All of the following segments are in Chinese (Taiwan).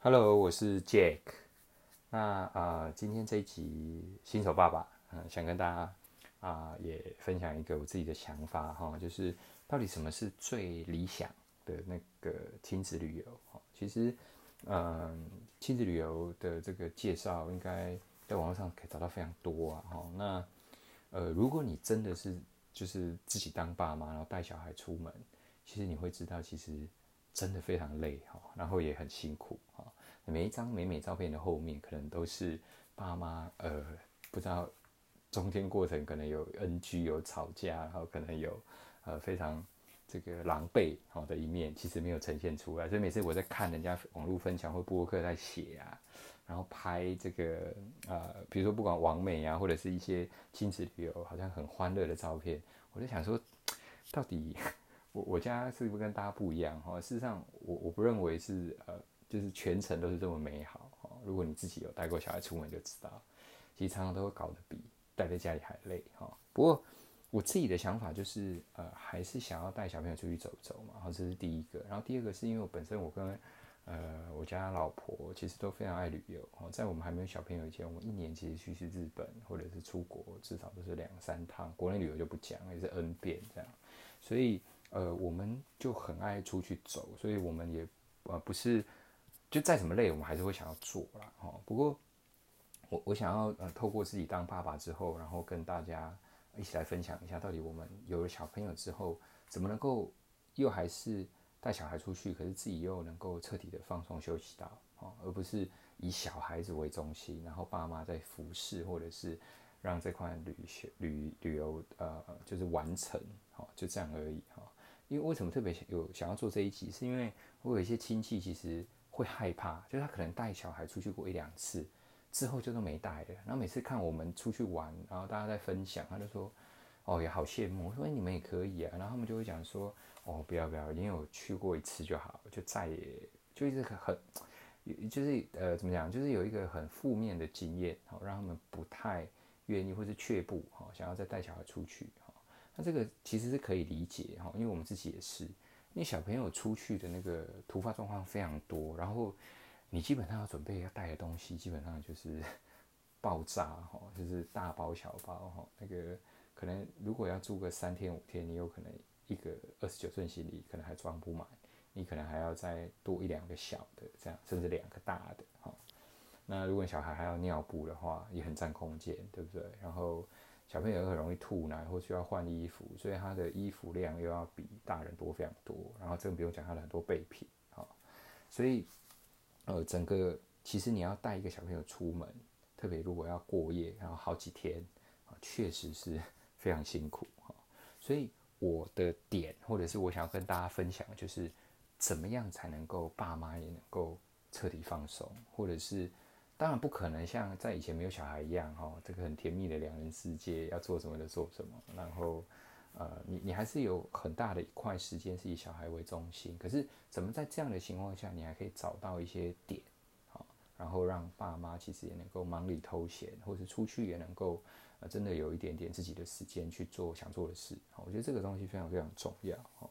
Hello，我是 Jack 那。那、呃、啊，今天這一集新手爸爸，嗯、呃，想跟大家啊、呃、也分享一個我自己的想法哈，就是到底什麼是最理想的那個親子旅遊？哈，其實嗯，呃、親子旅遊的這個介紹應該在網絡上可以找到非常多啊。哈，那呃，如果你真的是就是自己當爸媽，然後帶小孩出門，其實你會知道，其實。真的非常累哈，然後也很辛苦哈。每一張美美照片的後面，可能都是爸媽呃，不知道中間過程可能有 NG，有吵架，然後可能有呃非常這個狼狽好的一面，其實沒有呈現出來。所以每次我在看人家網絡分享或播客在寫啊，然後拍這個啊、呃，比如說不管網美啊，或者是一些親子旅遊，好像很歡樂的照片，我就想說，到底。我我家是不是跟大家不一樣哈？事實上，我我不認為是呃，就是全程都是這麼美好哈。如果你自己有帶過小孩出門，就知道，其實常常都會搞得比待在家裡還累哈。不過我自己的想法就是呃，還是想要帶小朋友出去走走嘛。然後這是第一個，然後第二個是因為我本身我跟呃我家老婆其實都非常愛旅遊哦。在我們還沒有小朋友以前，我們一年其實去去日本或者是出國至少都是兩三趟，國內旅遊就不講，也是 N 遍這樣，所以。呃，我們就很愛出去走，所以我們也呃不是，就再怎麼累，我們還是會想要做啦。哦，不過我我想要呃透過自己當爸爸之後，然後跟大家一起來分享一下，到底我們有了小朋友之後，怎麼能夠又還是帶小孩出去，可是自己又能夠徹底的放鬆休息到哦，而不是以小孩子為中心，然後爸媽在服侍或者是讓這塊旅遊旅旅遊呃就是完成哦，就這樣而已哈。因為為什麼特別有想要做這一集，是因為我有一些親戚其實會害怕，就他可能帶小孩出去過一兩次，之後就都沒帶了。然後每次看我們出去玩，然後大家在分享，他就說：“哦，也好羨慕。”我說：“誒，你們也可以啊。”然後他們就會講說：“哦，不要不要，已經有去過一次就好，就再也就一直很，就是呃怎麼講，就是有一個很負面的經驗，然後讓他們不太願意或是卻步，好想要再帶小孩出去。”那這個其實是可以理解哈，因為我們自己也是，因為小朋友出去的那個突發狀況非常多，然後你基本上要準備要帶的東西，基本上就是爆炸哈，就是大包小包哈，那個可能如果要住個三天五天，你有可能一個二十九寸行李可能還裝不滿，你可能還要再多一兩個小的這樣，甚至兩個大的哈。那如果你小孩還要尿布的話，也很占空間，對不對？然後。小朋友很容易吐奶，或者需要換衣服，所以他的衣服量又要比大人多非常多。然後這個不用講，他很多備品啊、哦，所以呃，整個其實你要帶一個小朋友出門，特別如果要過夜，然後好幾天啊、哦，確實是非常辛苦哈、哦。所以我的點，或者是我想要跟大家分享的，就是怎麼樣才能夠爸媽也能夠徹底放鬆，或者是。當然不可能像在以前沒有小孩一樣哈、哦，這個很甜蜜的兩人世界，要做什麼就做什麼，然後，呃，你你還是有很大的一塊時間是以小孩為中心，可是怎麼在這樣的情況下，你還可以找到一些點，好、哦，然後讓爸媽其實也能夠忙裡偷閒，或是出去也能夠，呃，真的有一點點自己的時間去做想做的事，好、哦，我覺得這個東西非常非常重要哈、哦。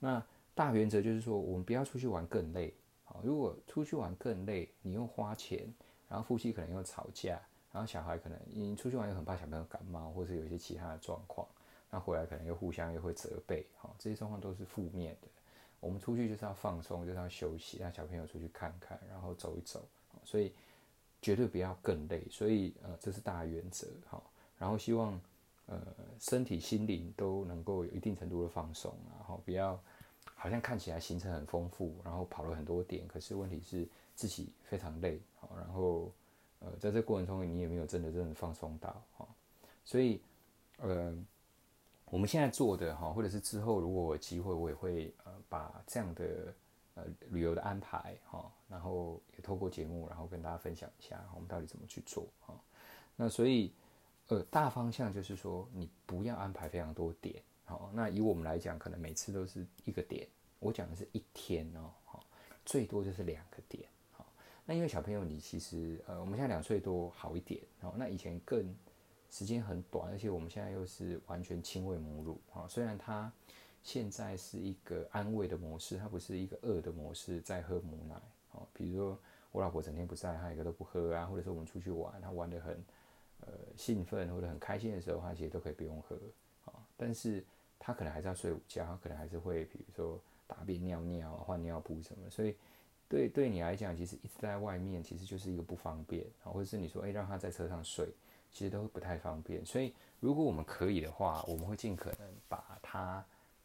那大原則就是說，我們不要出去玩更累，好、哦，如果出去玩更累，你又花錢。然後夫妻可能又吵架，然後小孩可能因出去玩又很怕小朋友感冒，或者有一些其他的狀況，那回來可能又互相又會責備，哈、哦，這些狀況都是負面的。我們出去就是要放鬆，就是要休息，讓小朋友出去看看，然後走一走，哦、所以絕對不要更累。所以呃，這是大原則，哈、哦。然後希望呃身體心靈都能夠有一定程度的放鬆，然後不要。好像看起來行程很豐富，然後跑了很多點，可是問題是自己非常累，啊，然後呃，在這個過程中你也沒有真的真的放鬆到啊、哦。所以，呃，我們現在做的哈，或者是之後如果有機會，我也會呃把這樣的呃旅遊的安排哈、哦，然後也透過節目，然後跟大家分享一下我們到底怎麼去做哈、哦。那所以呃大方向就是說，你不要安排非常多點。哦，那以我們來講，可能每次都是一個點。我講的是一天哦，最多就是兩個點。好，那因為小朋友，你其實呃，我們現在兩歲多好一點哦。那以前更時間很短，而且我們現在又是完全親餵母乳啊。哦，雖然他現在是一個安慰的模式，他不是一個餓的模式在喝母奶。哦，比如說我老婆整天不在，他一個都不喝啊，或者是我們出去玩，他玩得很呃興奮或者很開心的時候，他其實都可以不用喝哦，但是他可能還是要睡午覺，他可能還是會，比如說大便、尿尿、換尿布什麼的，所以對對你來講，其實一直在外面，其實就是一個不方便，或者是你說，哎、欸，讓他在車上睡，其實都會不太方便。所以如果我們可以的話，我們會盡可能把他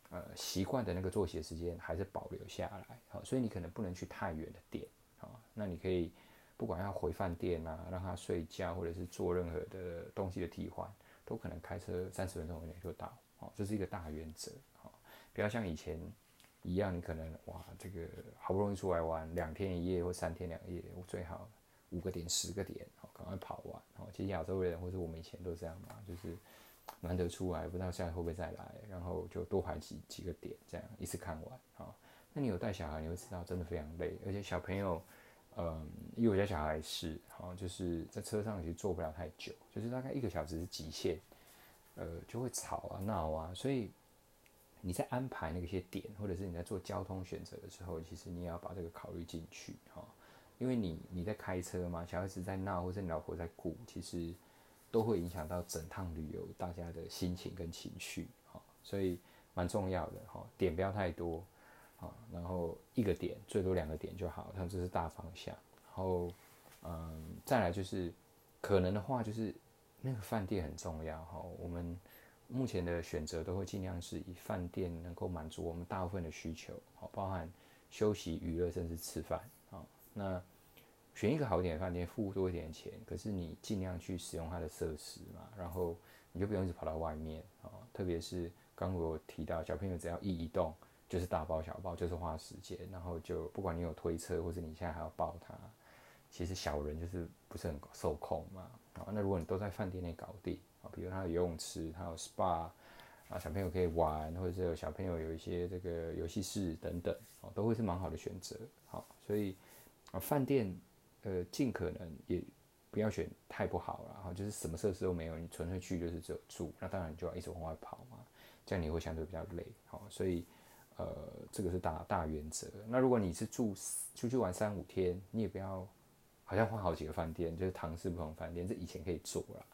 呃習慣的那個作息時間還是保留下來。好、哦，所以你可能不能去太遠的店啊、哦，那你可以不管要回飯店啊，讓他睡覺，或者是做任何的東西的替換，都可能開車三十分鐘以內就到。哦，這是一個大原則，好，不要像以前一樣，你可能哇，這個好不容易出來玩兩天一夜或三天兩夜，我最好五個點十個點，好，趕快跑完。好，其實亞洲人或者我們以前都是這樣嘛，就是難得出來，不知道下次會不會再來，然後就多排幾幾個點，這樣一次看完。好，那你有帶小孩，你會知道真的非常累，而且小朋友，嗯，因為我家小孩是，好像，就是在車上其實坐不了太久，就是大概一個小時是極限。呃，就會吵啊、鬧啊，所以你在安排那些點，或者是你在做交通選擇的時候，其實你也要把這個考慮進去哈，因為你你在開車嘛，小孩子在鬧，或者是你老婆在哭，其實都會影響到整趟旅遊大家的心情跟情緒哈，所以蠻重要的哈，點不要太多啊，然後一個點最多兩個點就好，像這是大方向，然後嗯，再來就是可能的話就是。那個飯店很重要，我們目前的選擇都會盡量是以飯店能夠滿足我們大部分的需求，好，包含休息、娛樂甚至吃飯，那選一個好一點的飯店，付多一點錢，可是你盡量去使用它的設施嘛，然後你就不用一直跑到外面，特別是剛我提到，小朋友只要一移動，就是大包小包，就是花時間，然後就不管你有推車或者你現在還要抱他。其實小人就是不是很受控嘛。好，那如果你都在飯店內搞定，比如他有游泳池，他有 SPA，啊，小朋友可以玩，或者是有小朋友有一些這個遊戲室等等，哦，都會是蠻好的選擇。好，所以飯店呃，盡可能也不要選太不好了，哈，就是什麼設施都沒有，你純粹去就是只有住，那當然你就要一直往外跑嘛，這樣你會相對比較累。好，所以呃，這個是大大原則。那如果你是住出去玩三五天，你也不要。好像換好幾個飯店，就是唐氏不同飯店，這以前可以做了。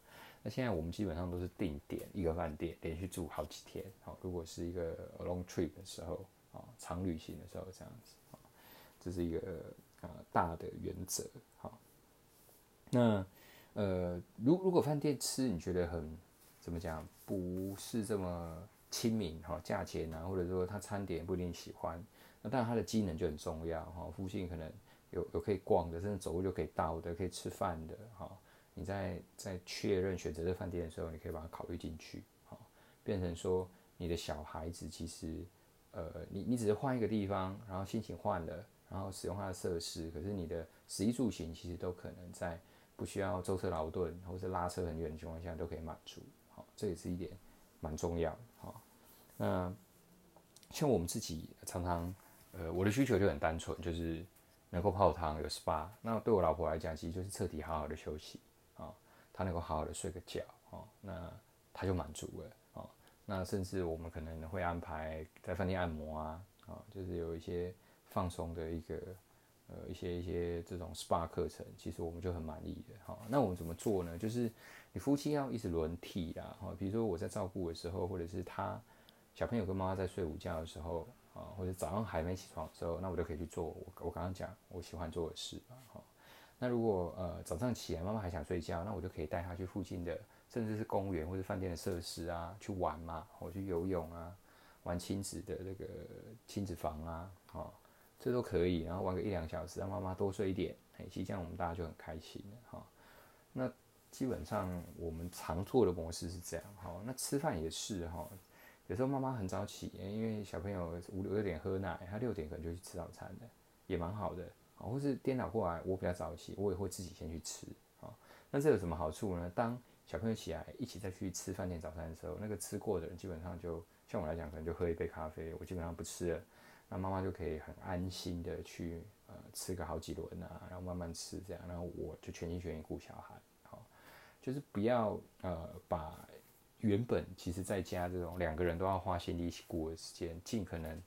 那現在我們基本上都是定點一個飯店，連續住好幾天。哦、如果是一個 long trip 的時候，啊、哦，長旅行的時候這樣子，哦、這是一個呃大的原則、哦。那呃，如果如果飯店吃你覺得很怎麼講，不是這麼親民哈，價、哦、錢啊，或者說他餐點不一定喜歡，那當然他的機能就很重要哈，附、哦、近可能，有有可以逛的，甚至走路就可以到的，可以吃飯的，哈、哦。你在在確認選擇這飯店的時候，你可以把它考慮進去，哈、哦，變成說你的小孩子其實，呃，你你只是換一個地方，然後心情換了，然後使用它的設施，可是你的食衣住行其實都可能在不需要舟車勞頓或者拉車很遠的情況下都可以滿足，好、哦，這也是一點蠻重要的，哈、哦。那像我們自己常常，呃，我的需求就很單純，就是。能夠泡湯有 SPA，那對我老婆來講，其實就是徹底好好的休息啊，她、喔、能夠好好的睡個覺啊、喔，那她就滿足了啊、喔。那甚至我們可能會安排在飯店按摩啊，啊、喔，就是有一些放鬆的一個呃一些一些這種 SPA 課程，其實我們就很滿意了哈、喔。那我們怎麼做呢？就是你夫妻要一直輪替啊、喔，比如說我在照顧的時候，或者是他小朋友跟媽媽在睡午覺的時候。啊，或者早上還沒起床的時候，那我就可以去做我剛剛講我喜歡做的事。那如果呃早上起來媽媽還想睡覺，那我就可以帶她去附近的，甚至是公園或者飯店的設施啊，去玩嘛，啊，我去游泳啊，玩親子的那個親子房啊，這都可以，然後玩個一兩小時，讓媽媽多睡一點，嘿，其實這樣我們大家就很開心哈。那基本上我們常做的模式是這樣，好，那吃飯也是哈。有時候媽媽很早起，因為小朋友五六點喝奶，他六點可能就去吃早餐的，也蠻好的，或是顛倒過來，我比較早起，我也會自己先去吃、哦、那這有什麼好處呢？當小朋友起來一起再去吃飯店早餐的時候，那個吃過的人基本上就像我來講，可能就喝一杯咖啡，我基本上不吃了。那媽媽就可以很安心的去呃吃個好幾輪啊，然後慢慢吃這樣，然後我就全心全意顧小孩、哦，就是不要呃把。原本其實在家這種兩個人都要花心力一起顧的時間，盡可能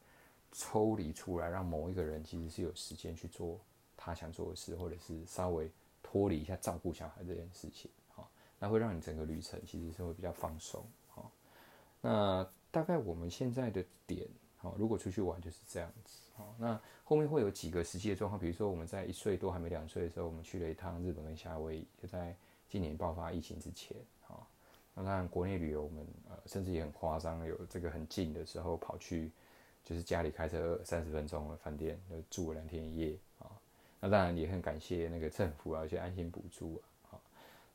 抽離出來，讓某一個人其實是有時間去做他想做的事，或者是稍微脫離一下照顧小孩這件事情，好、喔，那會讓你整個旅程其實是會比較放鬆，好、喔，那大概我們現在的點，好、喔，如果出去玩就是這樣子，好、喔，那後面會有幾個實際的狀況，比如說我們在一歲多還沒兩歲的時候，我們去了一趟日本跟夏威夷，就在今年爆發疫情之前。那當然，國內旅遊我們呃，甚至也很誇張，有這個很近的時候跑去，就是家裡開車三十分鐘的飯店，就住兩天一夜啊、哦。那當然也很感謝那個政府啊，一些安心補助啊，哦、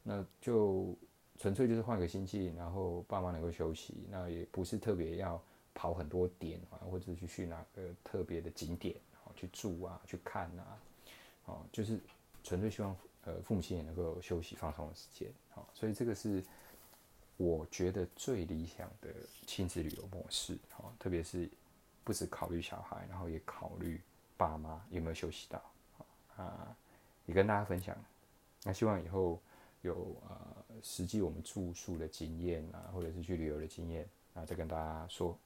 那就純粹就是換個心情然後爸媽能夠休息，那也不是特別要跑很多點啊，或者去去哪個特別的景點啊、哦、去住啊去看啊，哦、就是純粹希望呃父母親也能夠休息放鬆的時間啊、哦，所以這個是。我覺得最理想的親子旅遊模式，特別是不只考慮小孩，然後也考慮爸媽有沒有休息到，啊、嗯，也跟大家分享。那希望以後有呃實際我們住宿的經驗啊，或者是去旅遊的經驗啊，再跟大家說。